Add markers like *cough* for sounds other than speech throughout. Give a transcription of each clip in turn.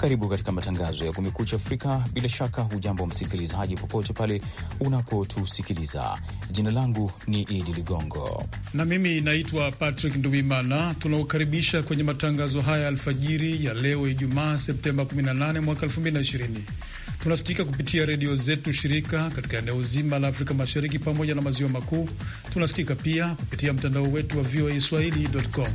Karibu katika matangazo ya Kumekucha Afrika. Bila shaka, hujambo msikilizaji, popote pale unapotusikiliza. Jina langu ni Idi Ligongo na mimi naitwa Patrick Nduwimana. tunaokaribisha kwenye matangazo haya ya alfajiri ya leo Ijumaa, Septemba 18 mwaka 2020. Tunasikika kupitia redio zetu shirika katika eneo zima la Afrika Mashariki pamoja na maziwa makuu. Tunasikika pia kupitia mtandao wetu wa VOA swahili.com.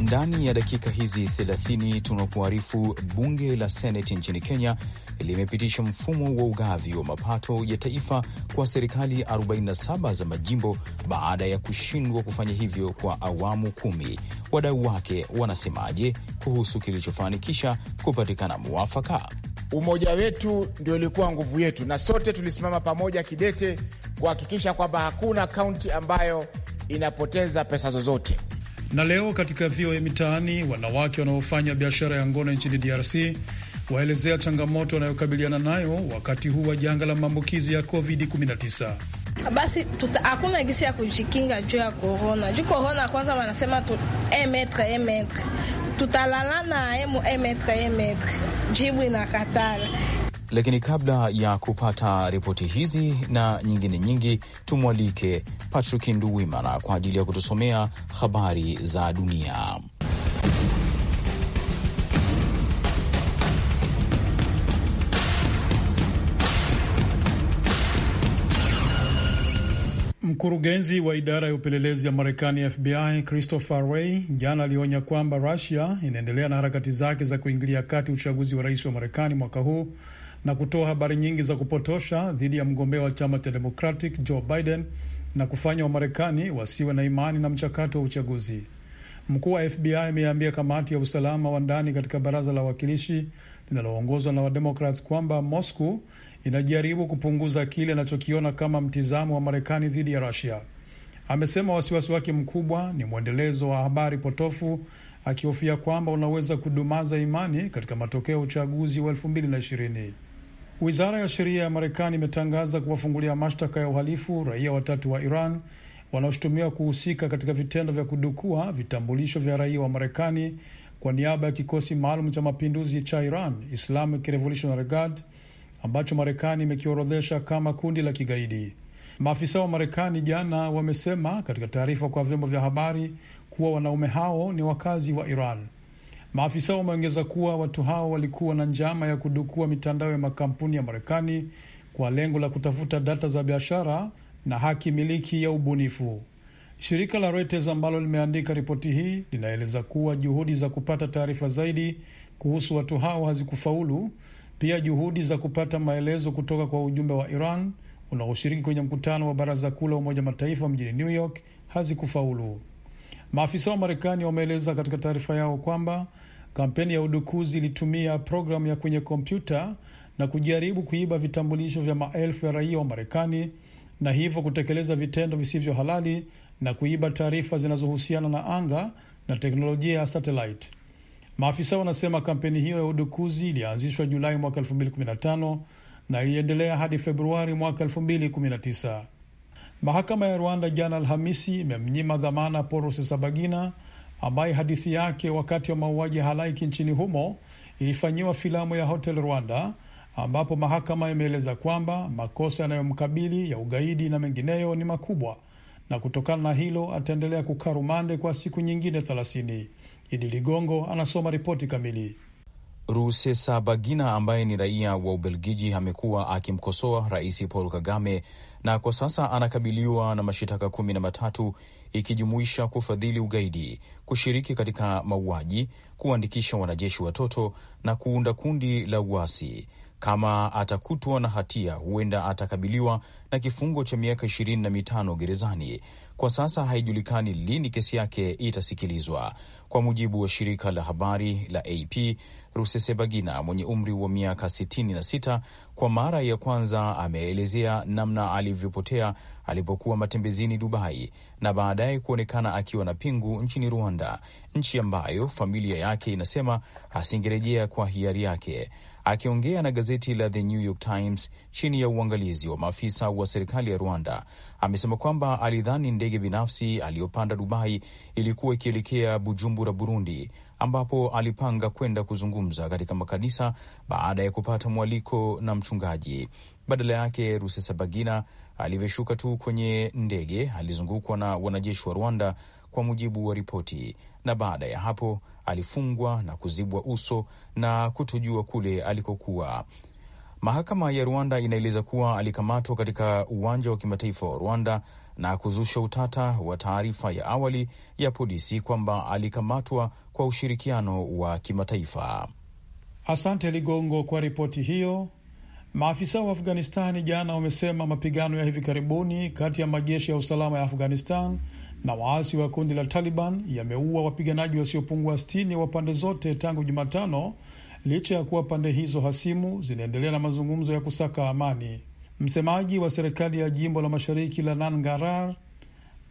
Ndani ya dakika hizi 30 tunakuarifu, bunge la seneti nchini Kenya limepitisha mfumo wa ugavi wa mapato ya taifa kwa serikali 47 za majimbo baada ya kushindwa kufanya hivyo kwa awamu kumi. Wadau wake wanasemaje kuhusu kilichofanikisha kupatikana mwafaka? Umoja wetu ndio ilikuwa nguvu yetu, na sote tulisimama pamoja kidete kuhakikisha kwamba hakuna kaunti ambayo inapoteza pesa zozote. Na leo katika VOA e Mitaani, wanawake wanaofanya biashara ya ngono nchini DRC waelezea changamoto wanayokabiliana nayo wakati huu wa janga la maambukizi ya COVID-19. Basi hakuna gisi ya kujikinga juu ya korona. Juu korona kwanza wanasema tu emetre eh, emetre, eh, tutalalana emu emetre eh, emetre, jibu inakatala lakini kabla ya kupata ripoti hizi na nyingine nyingi, tumwalike Patrick Nduwimana kwa ajili ya kutusomea habari za dunia. Mkurugenzi wa idara ya upelelezi ya Marekani FBI Christopher Wray jana alionya kwamba Rusia inaendelea na harakati zake za kuingilia kati uchaguzi wa rais wa Marekani mwaka huu na kutoa habari nyingi za kupotosha dhidi ya mgombea wa chama cha Democratic Joe Biden na kufanya Wamarekani wasiwe na imani na mchakato wa uchaguzi. Mkuu wa FBI ameambia kamati ya usalama wa ndani katika baraza la wawakilishi linaloongozwa na Wademokrats kwamba Moscow inajaribu kupunguza kile anachokiona kama mtizamo wa Marekani dhidi ya Rusia. Amesema wasiwasi wake mkubwa ni mwendelezo wa habari potofu, akihofia kwamba unaweza kudumaza imani katika matokeo ya uchaguzi wa elfu mbili na ishirini. Wizara ya sheria ya Marekani imetangaza kuwafungulia mashtaka ya uhalifu raia watatu wa Iran wanaoshutumiwa kuhusika katika vitendo vya kudukua vitambulisho vya raia wa Marekani kwa niaba ya kikosi maalum cha mapinduzi cha Iran Islamic Revolutionary Guard ambacho Marekani imekiorodhesha kama kundi la kigaidi. Maafisa wa Marekani jana wamesema katika taarifa kwa vyombo vya habari kuwa wanaume hao ni wakazi wa Iran. Maafisa wameongeza kuwa watu hao walikuwa na njama ya kudukua mitandao ya makampuni ya Marekani kwa lengo la kutafuta data za biashara na haki miliki ya ubunifu. Shirika la Reuters ambalo limeandika ripoti hii linaeleza kuwa juhudi za kupata taarifa zaidi kuhusu watu hao hazikufaulu. Pia juhudi za kupata maelezo kutoka kwa ujumbe wa Iran unaoshiriki kwenye mkutano wa Baraza Kuu la Umoja Mataifa mjini New York hazikufaulu. Maafisa wa Marekani wameeleza katika taarifa yao kwamba kampeni ya udukuzi ilitumia programu ya kwenye kompyuta na kujaribu kuiba vitambulisho vya maelfu ya raia wa Marekani na hivyo kutekeleza vitendo visivyo halali na kuiba taarifa zinazohusiana na anga na teknolojia ya satellite. Maafisa wanasema kampeni hiyo ya udukuzi ilianzishwa Julai mwaka 2015 na iliendelea hadi Februari mwaka 2019. Mahakama ya Rwanda jana Alhamisi imemnyima dhamana Paul Rusesabagina ambaye hadithi yake wakati wa mauaji halaiki nchini humo ilifanyiwa filamu ya Hotel Rwanda, ambapo mahakama imeeleza kwamba makosa yanayomkabili ya ugaidi na mengineyo ni makubwa na kutokana na hilo ataendelea kukaa rumande kwa siku nyingine thelathini. Idi Ligongo anasoma ripoti kamili. Rusesabagina ambaye ni raia wa Ubelgiji amekuwa akimkosoa Rais Paul Kagame na kwa sasa anakabiliwa na mashitaka kumi na matatu ikijumuisha kufadhili ugaidi, kushiriki katika mauaji, kuandikisha wanajeshi watoto na kuunda kundi la uasi. Kama atakutwa na hatia, huenda atakabiliwa na kifungo cha miaka ishirini na mitano gerezani. Kwa sasa haijulikani lini kesi yake itasikilizwa. Kwa mujibu wa shirika la habari la AP, rusesebagina mwenye umri wa miaka 66 kwa mara ya kwanza ameelezea namna alivyopotea alipokuwa matembezini Dubai na baadaye kuonekana akiwa na pingu nchini Rwanda, nchi ambayo familia yake inasema asingerejea kwa hiari yake. Akiongea na gazeti la The New York Times chini ya uangalizi wa maafisa wa serikali ya Rwanda, amesema kwamba alidhani ndege binafsi aliyopanda Dubai ilikuwa ikielekea Bujumbura, Burundi, ambapo alipanga kwenda kuzungumza katika makanisa baada ya kupata mwaliko na mchungaji. Badala yake Rusesabagina alivyoshuka tu kwenye ndege alizungukwa na wanajeshi wa Rwanda kwa mujibu wa ripoti, na baada ya hapo alifungwa na kuzibwa uso na kutojua kule alikokuwa. Mahakama ya Rwanda inaeleza kuwa alikamatwa katika uwanja wa kimataifa wa Rwanda na kuzusha utata wa taarifa ya awali ya polisi kwamba alikamatwa kwa ushirikiano wa kimataifa. Asante Ligongo kwa ripoti hiyo. Maafisa wa Afghanistani jana wamesema mapigano ya hivi karibuni kati ya majeshi ya usalama ya Afghanistan na waasi wa kundi la Taliban yameua wapiganaji wasiopungua sitini wa pande zote tangu Jumatano, licha ya kuwa pande hizo hasimu zinaendelea na mazungumzo ya kusaka amani. Msemaji wa serikali ya jimbo la mashariki la Nangarhar,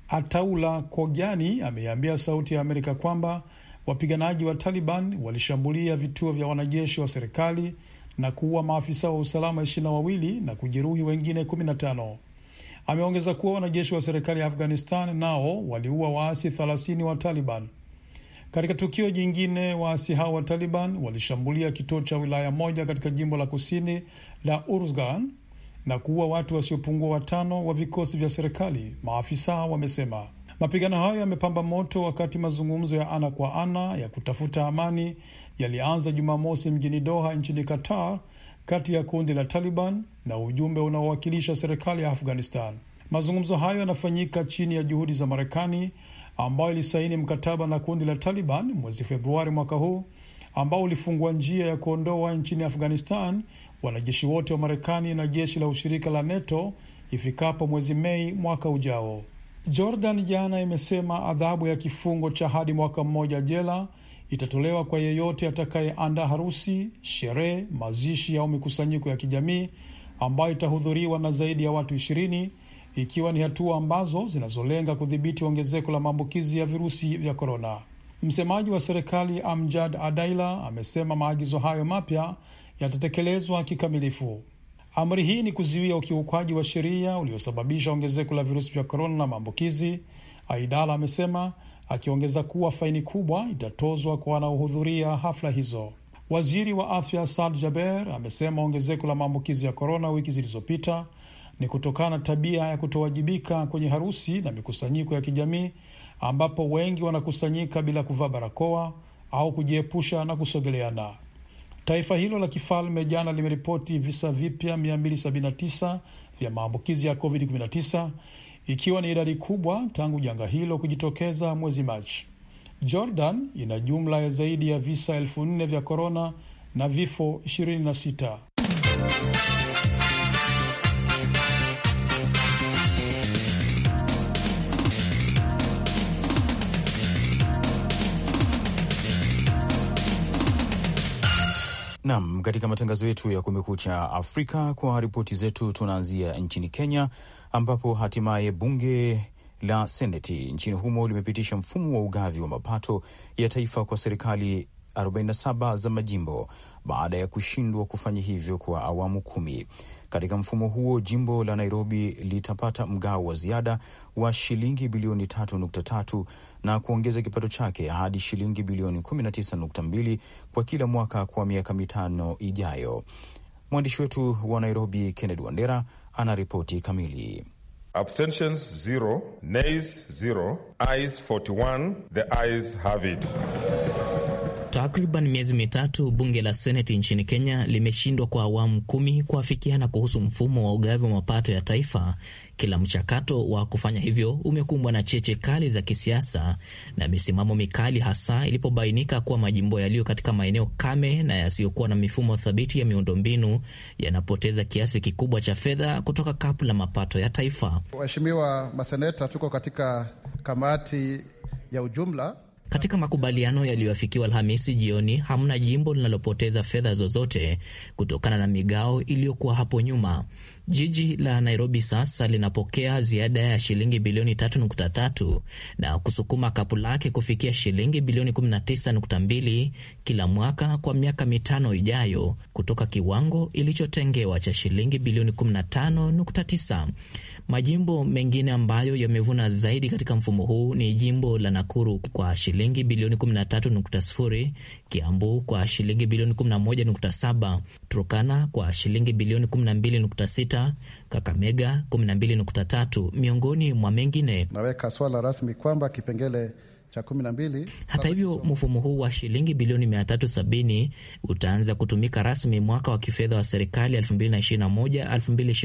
Ataula Kojani, ameiambia Sauti ya Amerika kwamba wapiganaji wa Taliban walishambulia vituo vya wanajeshi wa serikali na kuua maafisa wa usalama ishirini na wawili na kujeruhi wengine kumi na tano. Ameongeza kuwa wanajeshi wa serikali ya Afghanistan nao waliua waasi thelathini wa Taliban. Katika tukio jingine, waasi hao wa Taliban walishambulia kituo cha wilaya moja katika jimbo la kusini la Urzgan na kuua watu wasiopungua watano wa vikosi vya serikali, maafisa wamesema. Mapigano hayo yamepamba moto wakati mazungumzo ya ana kwa ana ya kutafuta amani yalianza Jumamosi mjini Doha nchini Qatar kati ya kundi la Taliban na ujumbe unaowakilisha serikali ya Afghanistan. Mazungumzo hayo yanafanyika chini ya juhudi za Marekani ambayo ilisaini mkataba na kundi la Taliban mwezi Februari mwaka huu ambao ulifungua njia ya kuondoa nchini Afghanistan wanajeshi wote wa Marekani na jeshi la ushirika la NATO ifikapo mwezi Mei mwaka ujao. Jordan jana imesema adhabu ya kifungo cha hadi mwaka mmoja jela itatolewa kwa yeyote atakayeandaa harusi, sherehe, mazishi au mikusanyiko ya kijamii ambayo itahudhuriwa na zaidi ya watu ishirini, ikiwa ni hatua ambazo zinazolenga kudhibiti ongezeko la maambukizi ya virusi vya korona. Msemaji wa serikali Amjad Adaila amesema maagizo hayo mapya yatatekelezwa kikamilifu. Amri hii ni kuzuia ukiukwaji wa sheria uliosababisha ongezeko la virusi vya korona na maambukizi. Aidala amesema akiongeza kuwa faini kubwa itatozwa kwa wanaohudhuria hafla hizo. Waziri wa afya sal Jaber amesema ongezeko la maambukizi ya korona wiki zilizopita ni kutokana na tabia ya kutowajibika kwenye harusi na mikusanyiko ya kijamii ambapo wengi wanakusanyika bila kuvaa barakoa au kujiepusha na kusogeleana. Taifa hilo la kifalme jana limeripoti visa vipya 279 vya maambukizi ya COVID-19 ikiwa ni idadi kubwa tangu janga hilo kujitokeza mwezi Machi. Jordan ina jumla ya zaidi ya visa elfu nne vya korona na vifo 26. Nam, katika matangazo yetu ya Kumekucha Afrika kwa ripoti zetu, tunaanzia nchini Kenya ambapo hatimaye bunge la seneti nchini humo limepitisha mfumo wa ugavi wa mapato ya taifa kwa serikali 47 za majimbo baada ya kushindwa kufanya hivyo kwa awamu kumi. Katika mfumo huo jimbo la Nairobi litapata mgao wa ziada wa shilingi bilioni 3.3 na kuongeza kipato chake hadi shilingi bilioni 19.2 kwa kila mwaka kwa miaka mitano ijayo. Mwandishi wetu wa Nairobi, Kennedy Wandera, ana ripoti kamili. Abstentions zero, nays zero, ayes 41, the ayes have it. Takriban miezi mitatu bunge la seneti nchini Kenya limeshindwa kwa awamu kumi kuafikiana kuhusu mfumo wa ugavi wa mapato ya taifa. Kila mchakato wa kufanya hivyo umekumbwa na cheche kali za kisiasa na misimamo mikali, hasa ilipobainika kuwa majimbo yaliyo katika maeneo kame na yasiyokuwa na mifumo thabiti ya miundombinu yanapoteza kiasi kikubwa cha fedha kutoka kapu la mapato ya taifa. Waheshimiwa maseneta, tuko katika kamati ya ujumla katika makubaliano yaliyoafikiwa Alhamisi jioni, hamna jimbo linalopoteza fedha zozote kutokana na migao iliyokuwa hapo nyuma. Jiji la Nairobi sasa linapokea ziada ya shilingi bilioni 3.3 na kusukuma kapu lake kufikia shilingi bilioni 19.2 kila mwaka kwa miaka mitano ijayo kutoka kiwango ilichotengewa cha shilingi bilioni 15.9. Majimbo mengine ambayo yamevuna zaidi katika mfumo huu ni jimbo la Nakuru kwa shilingi bilioni 13.0, Kiambu kwa shilingi bilioni 11.7, Turkana kwa shilingi bilioni 12.6, Kakamega 12.3, miongoni mwa mengine. Naweka swala rasmi kwamba kipengele cha kumi na mbili. Hata hivyo mfumo huu wa shilingi bilioni mia tatu sabini utaanza kutumika rasmi mwaka wa kifedha wa serikali elfu elfu mbili mbili na na moja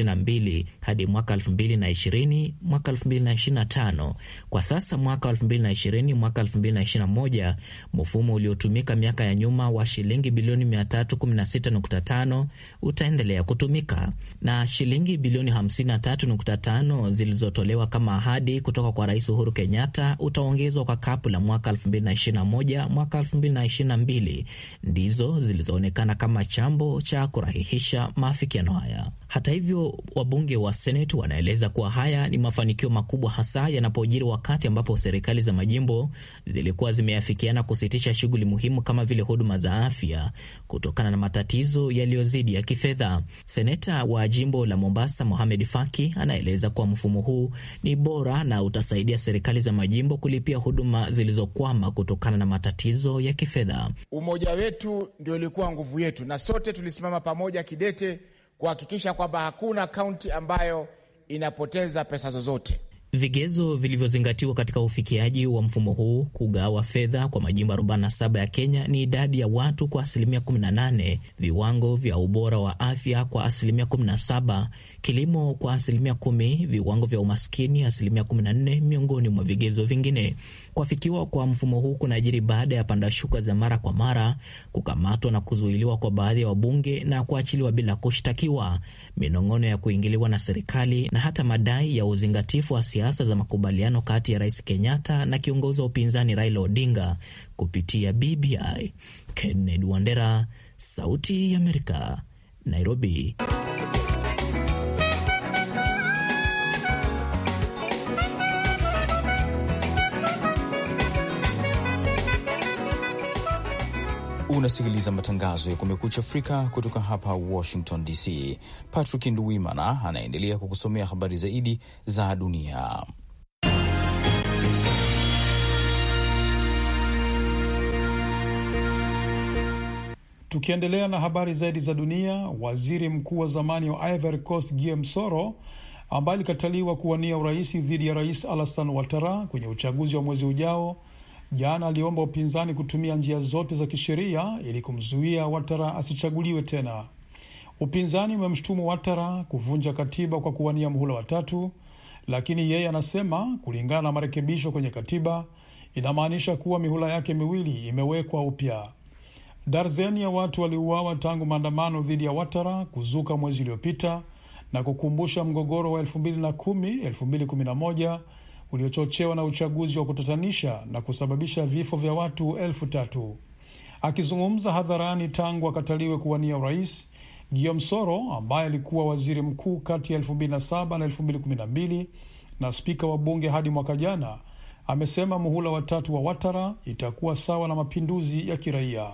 na mbili hadi mwaka elfu mbili na ishirini mwaka elfu mbili na na tano Kwa sasa mwaka elfu mbili na ishirini mwaka elfu mbili na na moja mfumo uliotumika miaka ya nyuma wa shilingi bilioni mia tatu kumi na sita nukta tano utaendelea kutumika na shilingi bilioni hamsini na tatu nukta tano zilizotolewa kama ahadi kutoka kwa Rais Uhuru Kenyatta utaongezwa kwa Cup la mwaka 2021 mwaka 2022 ndizo zilizoonekana kama chambo cha kurahihisha maafikiano haya. Hata hivyo, wabunge wa Seneti wanaeleza kuwa haya ni mafanikio makubwa, hasa yanapojiri wakati ambapo serikali za majimbo zilikuwa zimeafikiana kusitisha shughuli muhimu kama vile huduma za afya kutokana na matatizo yaliyozidi ya kifedha. Seneta wa jimbo la Mombasa Mohamed Faki anaeleza kuwa mfumo huu ni bora na utasaidia serikali za majimbo kulipia huduma zilizokwama kutokana na matatizo ya kifedha. Umoja wetu ndio ilikuwa nguvu yetu, na sote tulisimama pamoja kidete kuhakikisha kwamba hakuna kaunti ambayo inapoteza pesa zozote. Vigezo vilivyozingatiwa katika ufikiaji wa mfumo huu kugawa fedha kwa majimbo 47 ya Kenya ni idadi ya watu kwa asilimia 18, viwango vya ubora wa afya kwa asilimia 17, kilimo kwa asilimia kumi, viwango vya umaskini asilimia kumi na nne, miongoni mwa vigezo vingine. Kuafikiwa kwa mfumo huu kunaajiri baada ya panda shuka za mara kwa mara, kukamatwa na kuzuiliwa kwa baadhi ya wabunge na kuachiliwa bila kushtakiwa, minong'ono ya kuingiliwa na serikali na hata madai ya uzingatifu wa siasa za makubaliano kati ya Rais Kenyatta na kiongozi wa upinzani Raila Odinga kupitia BBI. Kennedy Wandera, Sauti ya Amerika, Nairobi. Unasikiliza matangazo ya Kumekucha Afrika kutoka hapa Washington DC. Patrick Nduwimana anaendelea kukusomea habari zaidi za dunia. Tukiendelea na habari zaidi za dunia, waziri mkuu wa zamani wa Ivory Coast Guillaume Soro ambaye alikataliwa kuwania urais dhidi ya rais Alassane Ouattara kwenye uchaguzi wa mwezi ujao Jana aliomba upinzani kutumia njia zote za kisheria ili kumzuia Watara asichaguliwe tena. Upinzani umemshutumu Watara kuvunja katiba kwa kuwania muhula watatu, lakini yeye anasema kulingana na marekebisho kwenye katiba inamaanisha kuwa mihula yake miwili imewekwa upya. Darzeni ya watu waliuawa tangu maandamano dhidi ya Watara kuzuka mwezi uliopita na kukumbusha mgogoro wa 2010 uliochochewa na uchaguzi wa kutatanisha na kusababisha vifo vya watu elfu tatu. Akizungumza hadharani tangu akataliwe kuwania urais, Guillaume Soro ambaye alikuwa waziri mkuu kati ya 2007 na 2012 na spika wa bunge hadi mwaka jana, amesema muhula watatu wa Watara itakuwa sawa na mapinduzi ya kiraia.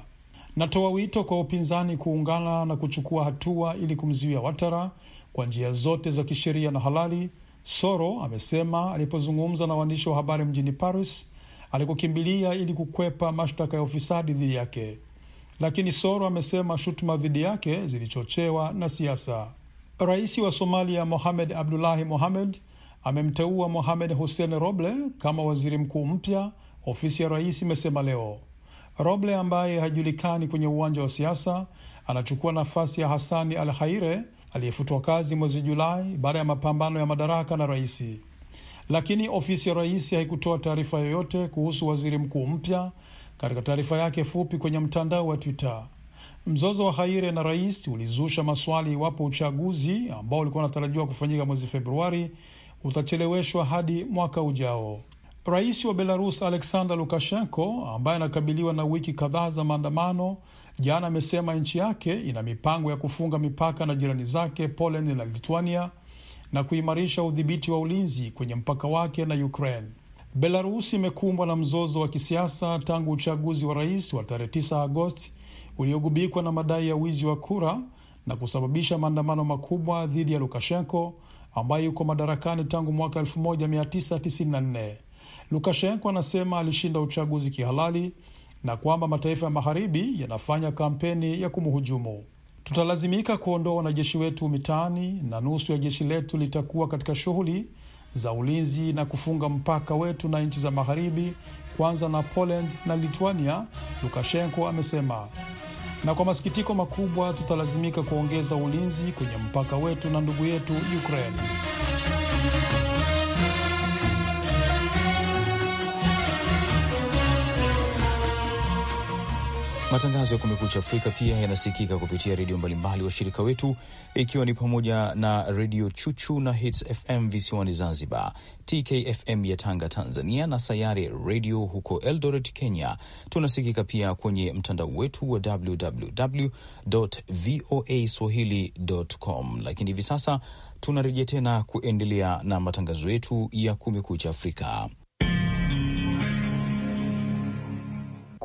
Natoa wito kwa upinzani kuungana na kuchukua hatua ili kumzuia Watara kwa njia zote za kisheria na halali, Soro amesema alipozungumza na waandishi wa habari mjini Paris alikokimbilia ili kukwepa mashtaka ya ufisadi dhidi yake, lakini Soro amesema shutuma dhidi yake zilichochewa na siasa. Rais wa Somalia Mohamed Abdullahi Mohamed amemteua Mohamed Hussein Roble kama waziri mkuu mpya, ofisi ya rais imesema leo. Roble ambaye hajulikani kwenye uwanja wa siasa anachukua nafasi ya Hasani Al Haire aliyefutwa kazi mwezi Julai baada ya mapambano ya madaraka na raisi. Lakini ofisi ya rais haikutoa taarifa yoyote kuhusu waziri mkuu mpya katika taarifa yake fupi kwenye mtandao wa Twitter. Mzozo wa Haire na rais ulizusha maswali iwapo uchaguzi ambao ulikuwa unatarajiwa kufanyika mwezi Februari utacheleweshwa hadi mwaka ujao. Rais wa Belarus Alexander Lukashenko ambaye anakabiliwa na wiki kadhaa za maandamano Jana amesema nchi yake ina mipango ya kufunga mipaka na jirani zake Poland na Lithuania na kuimarisha udhibiti wa ulinzi kwenye mpaka wake na Ukraine. Belarusi imekumbwa na mzozo wa kisiasa tangu uchaguzi wa rais wa tarehe 9 Agosti uliogubikwa na madai ya wizi wa kura na kusababisha maandamano makubwa dhidi ya Lukashenko ambaye yuko madarakani tangu mwaka 1994. Lukashenko anasema alishinda uchaguzi kihalali na kwamba mataifa ya magharibi yanafanya kampeni ya kumhujumu. Tutalazimika kuondoa wanajeshi wetu mitaani na nusu ya jeshi letu litakuwa katika shughuli za ulinzi na kufunga mpaka wetu na nchi za magharibi, kwanza na Poland na Lithuania, Lukashenko amesema. Na kwa masikitiko makubwa, tutalazimika kuongeza ulinzi kwenye mpaka wetu na ndugu yetu Ukraine. Matangazo ya Kumekucha Afrika pia yanasikika kupitia redio mbalimbali washirika wetu, ikiwa ni pamoja na Redio Chuchu na Hits FM visiwani Zanzibar, TKFM ya Tanga, Tanzania, na Sayare Redio huko Eldoret, Kenya. Tunasikika pia kwenye mtandao wetu wa www voa swahili.com. Lakini hivi sasa tunarejea tena kuendelea na matangazo yetu ya Kumekucha Afrika.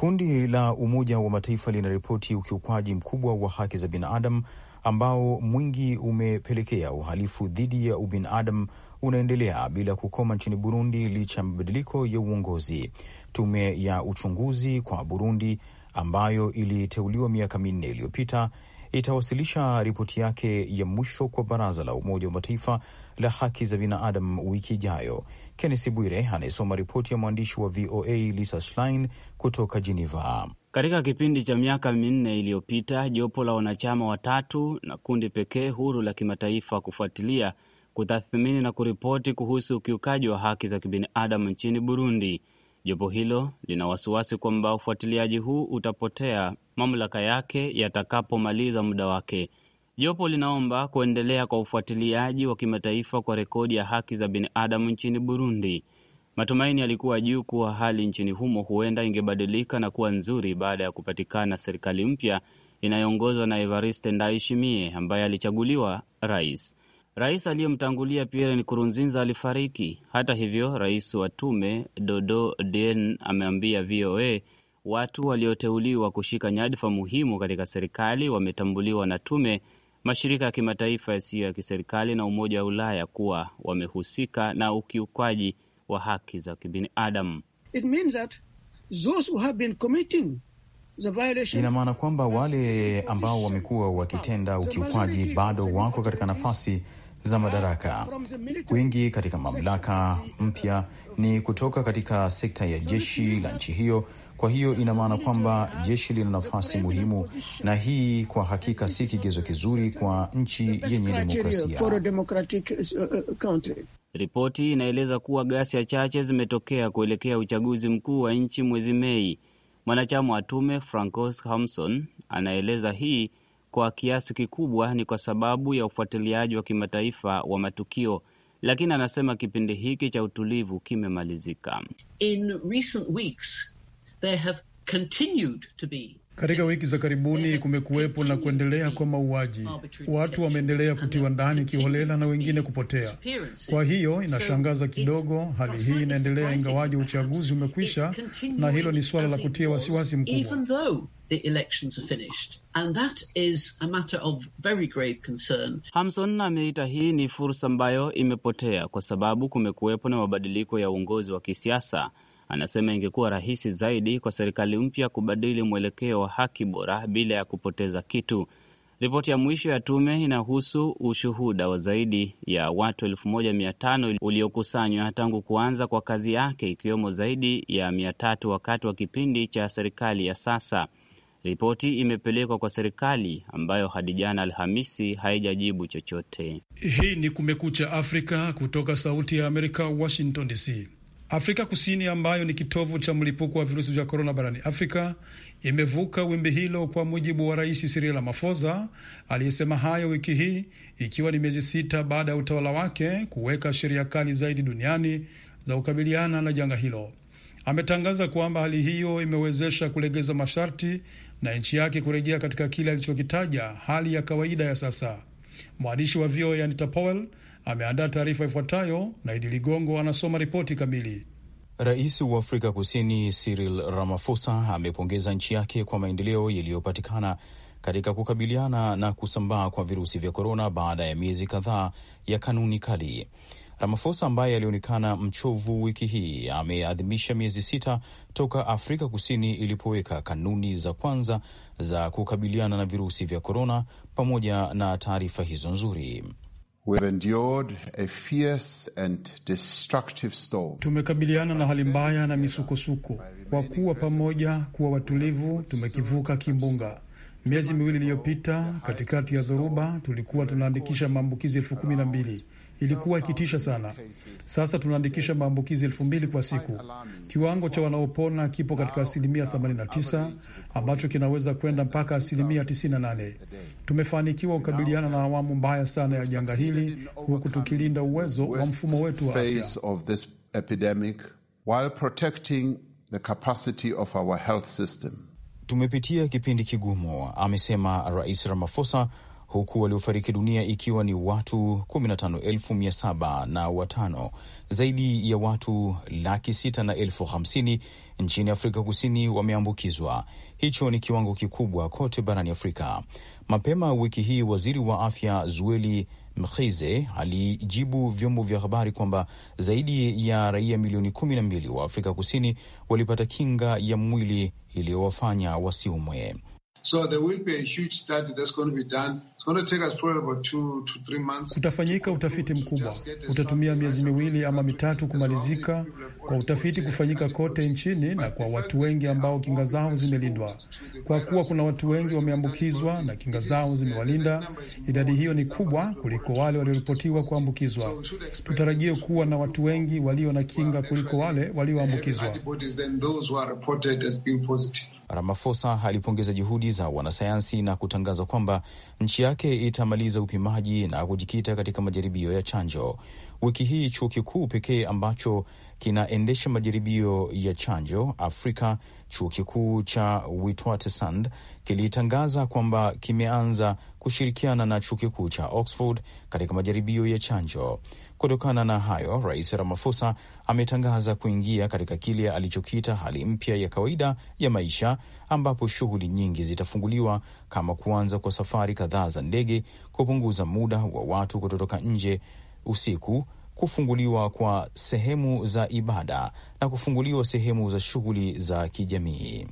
Kundi la Umoja wa Mataifa linaripoti ukiukwaji mkubwa wa haki za binadamu ambao mwingi umepelekea uhalifu dhidi ya ubinadamu unaendelea bila kukoma nchini Burundi licha ya mabadiliko ya uongozi. Tume ya uchunguzi kwa Burundi ambayo iliteuliwa miaka minne iliyopita itawasilisha ripoti yake ya mwisho kwa Baraza la Umoja wa Mataifa la haki za binadamu wiki ijayo. Kennesi Bwire anayesoma ripoti ya mwandishi wa VOA Lisa Schlein kutoka Geneva. Katika kipindi cha miaka minne iliyopita, jopo la wanachama watatu na kundi pekee huru la kimataifa kufuatilia, kutathmini na kuripoti kuhusu ukiukaji wa haki za kibinadamu nchini Burundi. Jopo hilo lina wasiwasi kwamba ufuatiliaji huu utapotea mamlaka yake yatakapomaliza muda wake. Jopo linaomba kuendelea kwa ufuatiliaji wa kimataifa kwa rekodi ya haki za binadamu nchini Burundi. Matumaini yalikuwa juu kuwa hali nchini humo huenda ingebadilika na kuwa nzuri baada ya kupatikana serikali mpya inayoongozwa na Evariste Ndayishimiye ambaye alichaguliwa rais. Rais aliyemtangulia Pierre Nkurunziza alifariki. Hata hivyo, rais wa tume Dodo Dien ameambia VOA watu walioteuliwa kushika nyadhifa muhimu katika serikali wametambuliwa na tume mashirika ya kimataifa yasiyo ya kiserikali na Umoja wa Ulaya kuwa wamehusika na ukiukwaji wa haki za kibinadamu. Ina maana kwamba wale ambao wamekuwa wakitenda ukiukwaji bado wako katika nafasi za madaraka. Wengi katika mamlaka mpya ni kutoka katika sekta ya jeshi la nchi hiyo kwa hiyo ina maana kwamba jeshi lina nafasi muhimu, na hii kwa hakika si kigezo kizuri kwa nchi yenye demokrasia. Uh, uh, Ripoti inaeleza kuwa ghasia chache zimetokea kuelekea uchaguzi mkuu wa nchi mwezi Mei. Mwanachama wa tume Francos Hamson anaeleza hii kwa kiasi kikubwa ni kwa sababu ya ufuatiliaji wa kimataifa wa matukio, lakini anasema kipindi hiki cha utulivu kimemalizika. In recent weeks have continued to be. Katika wiki za karibuni kumekuwepo na kuendelea kwa mauaji, watu wameendelea kutiwa ndani kiholela na wengine kupotea. Kwa hiyo inashangaza kidogo, hali hii inaendelea ingawaji uchaguzi umekwisha, na hilo ni suala la kutia wasiwasi mkubwa. Hamson ameita hii ni fursa ambayo imepotea kwa sababu kumekuwepo na mabadiliko ya uongozi wa kisiasa anasema ingekuwa rahisi zaidi kwa serikali mpya kubadili mwelekeo wa haki bora bila ya kupoteza kitu. Ripoti ya mwisho ya tume inahusu ushuhuda wa zaidi ya watu elfu moja mia tano uliokusanywa tangu kuanza kwa kazi yake, ikiwemo zaidi ya mia tatu wakati wa kipindi cha serikali ya sasa. Ripoti imepelekwa kwa serikali ambayo hadi jana Alhamisi haijajibu chochote. Hii ni Kumekucha Afrika kutoka Sauti ya Amerika, Washington DC. Afrika Kusini ambayo ni kitovu cha mlipuko wa virusi vya korona barani Afrika imevuka wimbi hilo, kwa mujibu wa Rais Cyril Ramaphosa aliyesema hayo wiki hii, ikiwa ni miezi sita baada ya utawala wake kuweka sheria kali zaidi duniani za kukabiliana na janga hilo. Ametangaza kwamba hali hiyo imewezesha kulegeza masharti na nchi yake kurejea katika kile alichokitaja hali ya kawaida ya sasa. Mwandishi wa VOA Anita Powell ameandaa taarifa ifuatayo na Idi Ligongo anasoma ripoti kamili. Rais wa Afrika Kusini Cyril Ramaphosa amepongeza nchi yake kwa maendeleo yaliyopatikana katika kukabiliana na kusambaa kwa virusi vya korona baada ya miezi kadhaa ya kanuni kali. Ramaphosa ambaye alionekana mchovu wiki hii ameadhimisha miezi sita toka Afrika Kusini ilipoweka kanuni za kwanza za kukabiliana na virusi vya korona. Pamoja na taarifa hizo nzuri, We've endured a fierce and destructive storm. Tumekabiliana na hali mbaya na misukosuko. Kwa kuwa pamoja, kuwa watulivu, tumekivuka kimbunga. Miezi miwili iliyopita, katikati ya dhoruba, tulikuwa tunaandikisha maambukizi elfu kumi na mbili. Ilikuwa ikitisha sana. Sasa tunaandikisha maambukizi elfu mbili kwa siku. Kiwango cha wanaopona kipo katika asilimia 89 ambacho kinaweza kwenda mpaka asilimia 98. Tumefanikiwa kukabiliana na awamu mbaya sana ya janga hili huku tukilinda uwezo wa mfumo wetu wa afya tumepitia kipindi kigumu, amesema Rais Ramaphosa, huku waliofariki dunia ikiwa ni watu 15,700 na watano, zaidi ya watu laki sita na elfu hamsini nchini Afrika Kusini wameambukizwa. Hicho ni kiwango kikubwa kote barani Afrika. Mapema wiki hii, waziri wa afya Zueli Mkhize alijibu vyombo vya habari kwamba zaidi ya raia milioni kumi na mbili wa Afrika Kusini walipata kinga ya mwili iliyowafanya wasiumwe. So there will be a huge study that's going to be done. It's going to take us probably about two to three months. Kutafanyika utafiti mkubwa, utatumia miezi miwili ama mitatu kumalizika kwa utafiti kufanyika kote nchini na kwa watu wengi ambao kinga zao zimelindwa. Kwa kuwa kuna watu wengi wameambukizwa na kinga zao zimewalinda, idadi hiyo ni kubwa kuliko wale walioripotiwa kuambukizwa. Tutarajie kuwa na watu wengi walio na kinga kuliko wale walioambukizwa ramafosa alipongeza juhudi za wanasayansi na kutangaza kwamba nchi yake itamaliza upimaji na kujikita katika majaribio ya chanjo. Wiki hii chuo kikuu pekee ambacho kinaendesha majaribio ya chanjo Afrika, chuo kikuu cha Witwatersrand kilitangaza kwamba kimeanza kushirikiana na chuo kikuu cha Oxford katika majaribio ya chanjo. Kutokana na hayo, Rais Ramaphosa ametangaza kuingia katika kile alichokiita hali mpya ya kawaida ya maisha, ambapo shughuli nyingi zitafunguliwa kama kuanza kwa safari kadhaa za ndege, kupunguza muda wa watu kutotoka nje usiku kufunguliwa kwa sehemu za ibada na kufunguliwa sehemu za shughuli za kijamii.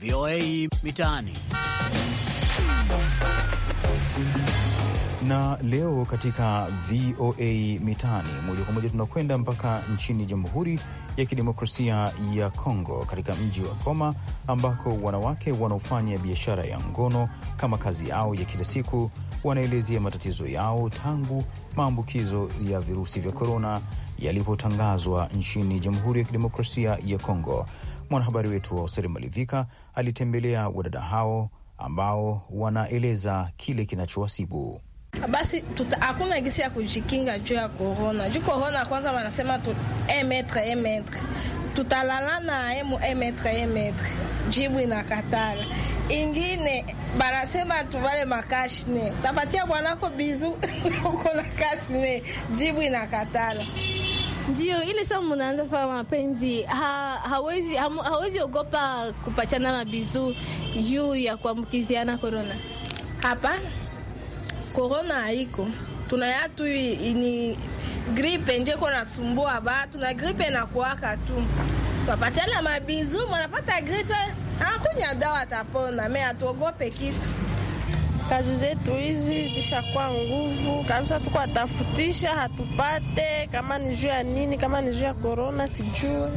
VOA Mitaani na leo katika VOA Mitaani moja kwa moja tunakwenda mpaka nchini Jamhuri ya Kidemokrasia ya Kongo, katika mji wa Goma ambako wanawake wanaofanya biashara ya ngono kama kazi yao ya kila siku wanaelezea matatizo yao tangu maambukizo ya virusi vya korona yalipotangazwa nchini Jamhuri ya Kidemokrasia ya Kongo. Mwanahabari wetu wa Hoseri Malivika alitembelea wadada hao ambao wanaeleza kile kinachowasibu basi hakuna gisi ya kujikinga juu ya korona. Juu korona kwanza wanasema tu emetre emetre, tutalala na emu emetre emetre, jibu inakatala ingine banasema tuvale makashne, tapatia bwanako bizu *laughs* uko na kashne, jibu inakatala. Ndio ile saa munaanza fanya mapenzi ha, hawezi, ha, hawezi ogopa kupatiana mabizu juu ya kuambukiziana korona, hapana korona haiko, tunayatu ni gripe ndio iko natumbua batu na gripe nakuaka tu wapatiana mabizu, mwanapata gripe akunya dawa tapona Me atuogope kitu, kazi zetu hizi zishakuwa nguvu kabisa, tuko atafutisha hatupate, kama ni juu ya nini, kama ni juu ya korona sijui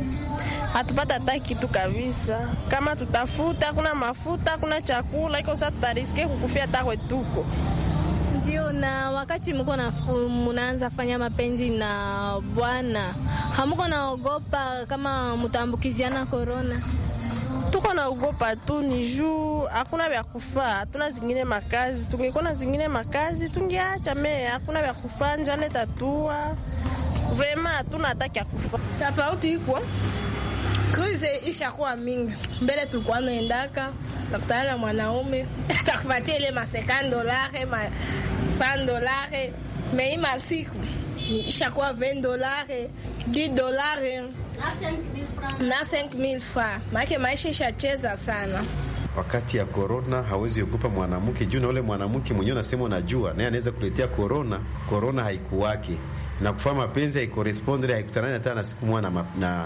hatupata hata kitu kabisa. Kama tutafuta, kuna mafuta, kuna chakula iko, sasa tutariske kukufia hata kwetuko ndio, na wakati mko mnaanza fanya mapenzi na bwana, hamuko naogopa kama mtaambukiziana korona? Tuko naogopa tu, ni juu hakuna vya kufaa, hatuna zingine makazi. Tungekuwa na zingine makazi tungeacha me, hakuna vya kufaa, njale tatua vrema, hatuna hata kya kufaa. Tofauti iko krize ishakuwa mingi, mbele tulikuwa naendaka utakutana na mwanaume atakupatia *laughs* ile masekan dolare dolare mei masiku ishakuwa dolare dolare na 5000 maake maisha ishacheza sana. Wakati ya korona hawezi ogopa mwanamke juu na ule mwanamke mwenyewe nasema, unajua naye anaweza kuletea korona. Korona haikuwake na kufaa mapenzi haikoresponde haikutanani hata na siku na, na,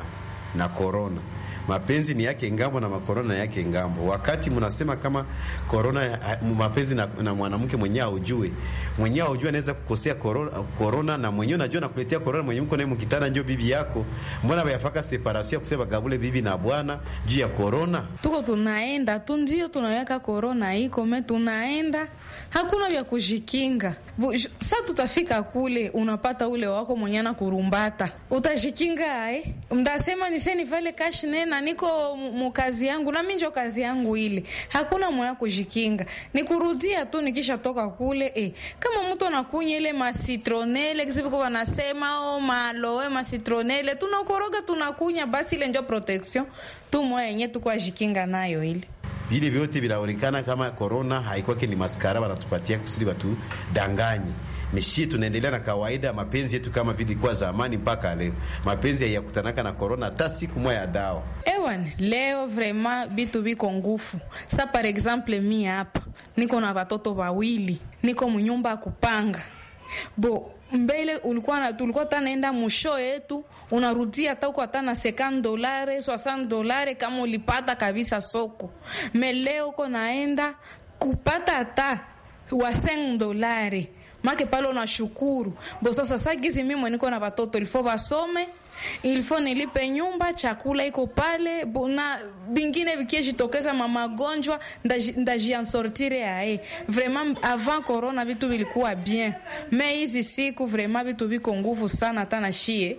na korona mapenzi ni yake ngambo na makorona yake ngambo. Wakati mnasema kama korona mapenzi na, na mwanamke mwenyewe aujue mwenyewe aujue anaweza kukosea korona, korona na mwenyewe najua nakuletea korona mwenyewe mko naye mkitana njoo bibi yako, mbona bayafaka separation kusema gabule bibi na bwana juu ya korona. Tuko tunaenda tu ndio tunaweka korona iko me tunaenda, hakuna vya kujikinga sa tutafika kule, unapata ule wako mwenye na kurumbata, utashikinga ae, eh? mtasema niseni vale kashi nena, niko mukazi yangu na minjo kazi yangu ile, hakuna mwenye kushikinga, nikurudia tu nikisha toka kule e, kama mtu anakunya ile masitronele kisipi kwa nasema o oh, maloe masitronele, tunakoroga tunakunya, basi ile njo protection tu mwenye tukwa jikinga nayo ile vile vyote vinaonekana kama korona haikwake ni maskara wanatupatia kusudi watudanganye. Mishii tunaendelea na kawaida mapenzi yetu kama vile ilikuwa zamani mpaka leo. Mapenzi hayakutanaka na corona hata siku moja ya dawa. Ewan, leo vraiment bitu biko ngufu. Sa par exemple mi hapa niko na watoto wawili, niko munyumba ya kupanga. Bo mbele ulikuwa tulikuwa tanaenda musho yetu unarudia hata uko hata na 50 dolare 60 dolare kama ulipata kabisa soko meleo uko naenda kupata hata 5 dolare make pale unashukuru bo sasa sagizi mimwe niko na watoto ilifo vasome ilfo nilipe nyumba, chakula iko pale na bingine ma magonjwa ndajiansortire aye Vraiment avant corona vitu vilikuwa bien, me hizi siku vraiment vitu viko nguvu sana, hata na shie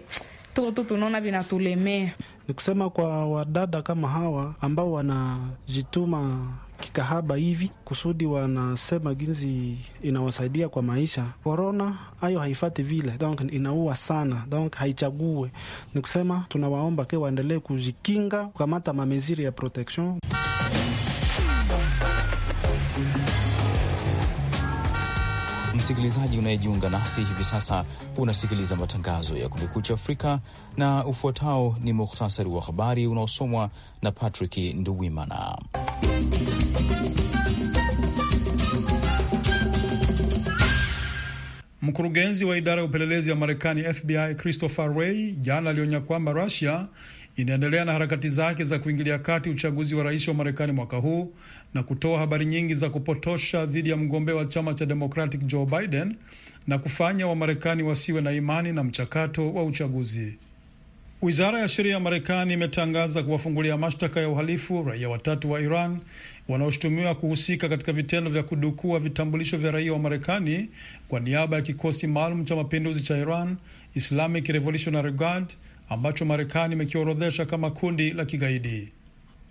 tuko tu tunaona vinatulemea ni kusema kwa wadada kama hawa ambao wanajituma kikahaba hivi kusudi wanasema ginzi inawasaidia kwa maisha. Korona hayo haifati vile, donc inaua sana, donc haichague. Ni kusema tunawaomba ke waendelee kujikinga, kukamata mameziri ya protection. Msikilizaji unayejiunga nasi hivi sasa, unasikiliza matangazo ya Kumekucha Afrika, na ufuatao ni muhtasari wa habari unaosomwa na Patrick Nduwimana. Mkurugenzi wa idara ya upelelezi ya Marekani, FBI, Christopher Wray, jana alionya kwamba Rusia inaendelea na harakati zake za kuingilia kati uchaguzi wa rais wa Marekani mwaka huu na kutoa habari nyingi za kupotosha dhidi ya mgombea wa chama cha Democratic Joe Biden na kufanya Wamarekani wasiwe na imani na mchakato wa uchaguzi. Wizara ya sheria ya Marekani imetangaza kuwafungulia mashtaka ya uhalifu raia watatu wa Iran wanaoshutumiwa kuhusika katika vitendo vya kudukua vitambulisho vya raia wa Marekani kwa niaba ya kikosi maalum cha mapinduzi cha Iran, Islamic Revolutionary Guard ambacho Marekani imekiorodhesha kama kundi la kigaidi.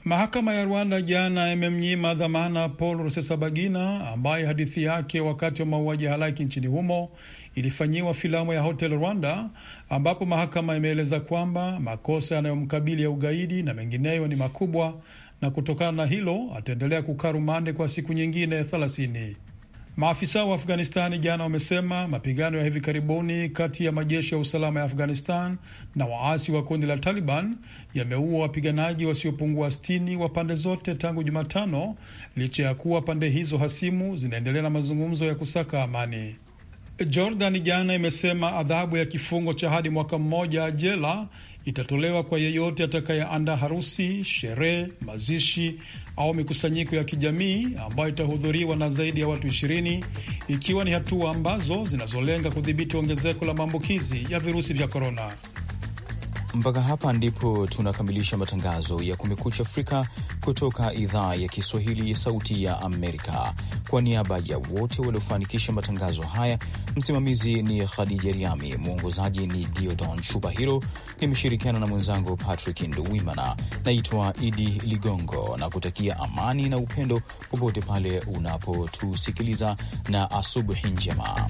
Mahakama ya Rwanda jana imemnyima dhamana Paul Rusesabagina ambaye hadithi yake wakati wa mauaji halaiki nchini humo ilifanyiwa filamu ya Hotel Rwanda, ambapo mahakama imeeleza kwamba makosa yanayomkabili ya ugaidi na mengineyo ni makubwa, na kutokana na hilo ataendelea kukaa rumande kwa siku nyingine thelathini. Maafisa wa Afghanistani jana wamesema mapigano ya hivi karibuni kati ya majeshi ya usalama ya Afghanistan na waasi wa kundi la Taliban yameua wapiganaji wasiopungua sitini wa pande zote tangu Jumatano, licha ya kuwa pande hizo hasimu zinaendelea na mazungumzo ya kusaka amani. Jordan jana imesema adhabu ya kifungo cha hadi mwaka mmoja jela itatolewa kwa yeyote atakayeandaa harusi, sherehe, mazishi au mikusanyiko ya kijamii ambayo itahudhuriwa na zaidi ya watu ishirini, ikiwa ni hatua ambazo zinazolenga kudhibiti ongezeko la maambukizi ya virusi vya korona. Mpaka hapa ndipo tunakamilisha matangazo ya Kumekucha Afrika kutoka idhaa ya Kiswahili ya Sauti ya Amerika. Kwa niaba ya wote waliofanikisha matangazo haya, msimamizi ni Khadija Riami, mwongozaji ni Diodon Shubahiro. Nimeshirikiana na mwenzangu Patrick Nduwimana. Naitwa Idi Ligongo na kutakia amani na upendo popote pale unapotusikiliza, na asubuhi njema.